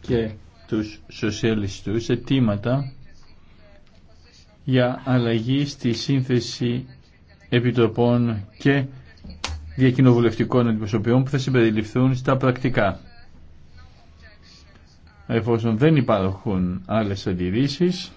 και τους σοσιαλιστούς αιτήματα για αλλαγή στη σύνθεση επιτροπών και διακοινοβουλευτικών αντιπροσωπιών που θα συμπεριληφθούν στα πρακτικά. Εφόσον δεν υπάρχουν άλλες αντιρρήσεις,